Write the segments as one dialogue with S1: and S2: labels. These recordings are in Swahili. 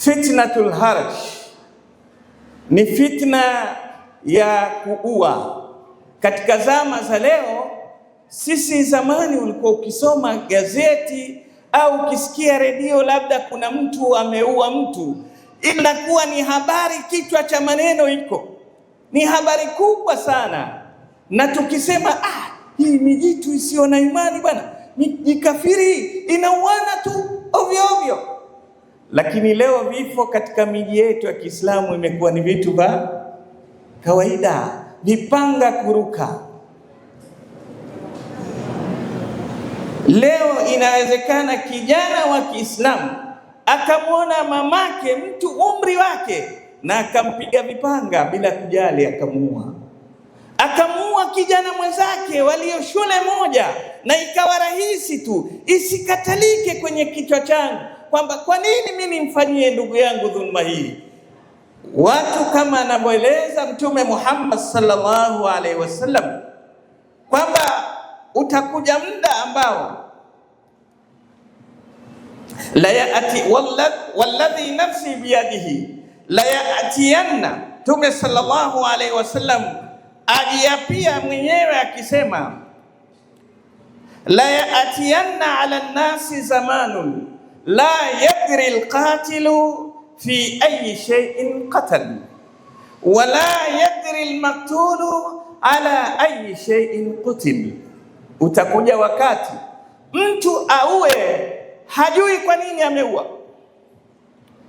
S1: Fitnatul harj ni fitna ya kuua katika zama za leo. Sisi zamani ulikuwa ukisoma gazeti au ukisikia redio, labda kuna mtu ameua mtu, inakuwa ni habari, kichwa cha maneno iko ni habari kubwa sana, na tukisema ah, hii mijitu isiyo na imani bwana, mijikafiri inauana tu ovyo ovyo lakini leo vifo katika miji yetu ya Kiislamu imekuwa ni vitu vya kawaida, vipanga kuruka. Leo inawezekana kijana wa Kiislamu akamwona mamake mtu umri wake na akampiga vipanga bila kujali, akamuua akamuua kijana mwenzake walio shule moja, na ikawa rahisi tu. Isikatalike kwenye kichwa changu kwamba kwa nini mimi nimfanyie ndugu yangu dhulma hii? Watu kama anavyoeleza Mtume Muhammad sallallahu alaihi wasallam kwamba utakuja muda ambao layati walladhi nafsi biyadihi layatianna, Mtume sallallahu alaihi wasallam ajiapia mwenyewe akisema layatianna ala nnasi zamanun la yadri alqatilu fi ayi shay'in qatal wa la yadri almaktulu ala ayi shay'in qutil, utakuja wakati mtu auwe hajui kwa nini ameua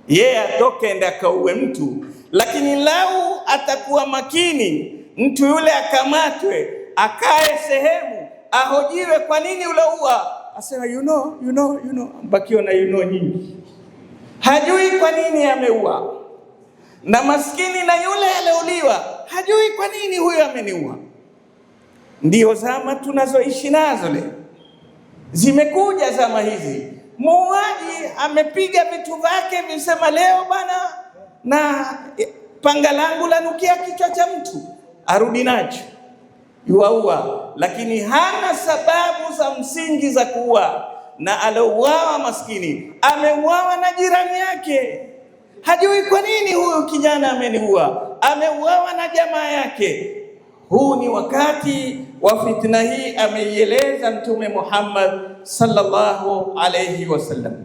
S1: yeye, yeah, atoke ende akauwe mtu, lakini lau atakuwa makini, mtu yule akamatwe, akae sehemu, ahojiwe kwa nini uloua asema you know, you know, you know, bakio na you know nyingi. Hajui kwa nini ameua, na maskini na yule aliouliwa hajui kwa nini huyo ameniua. Ndio zama tunazoishi nazo leo, zimekuja zama hizi. Muuaji amepiga vitu vyake, visema leo bana, na panga langu lanukia kichwa cha mtu, arudi nacho yuaua, lakini hana sababu za msingi za kuua, na alouawa maskini ameuawa na jirani yake, hajui kwa nini huyu kijana ameniua, ameuawa na jamaa yake. Huu ni wakati wa fitna hii, ameieleza Mtume Muhammad sallallahu alayhi wasallam.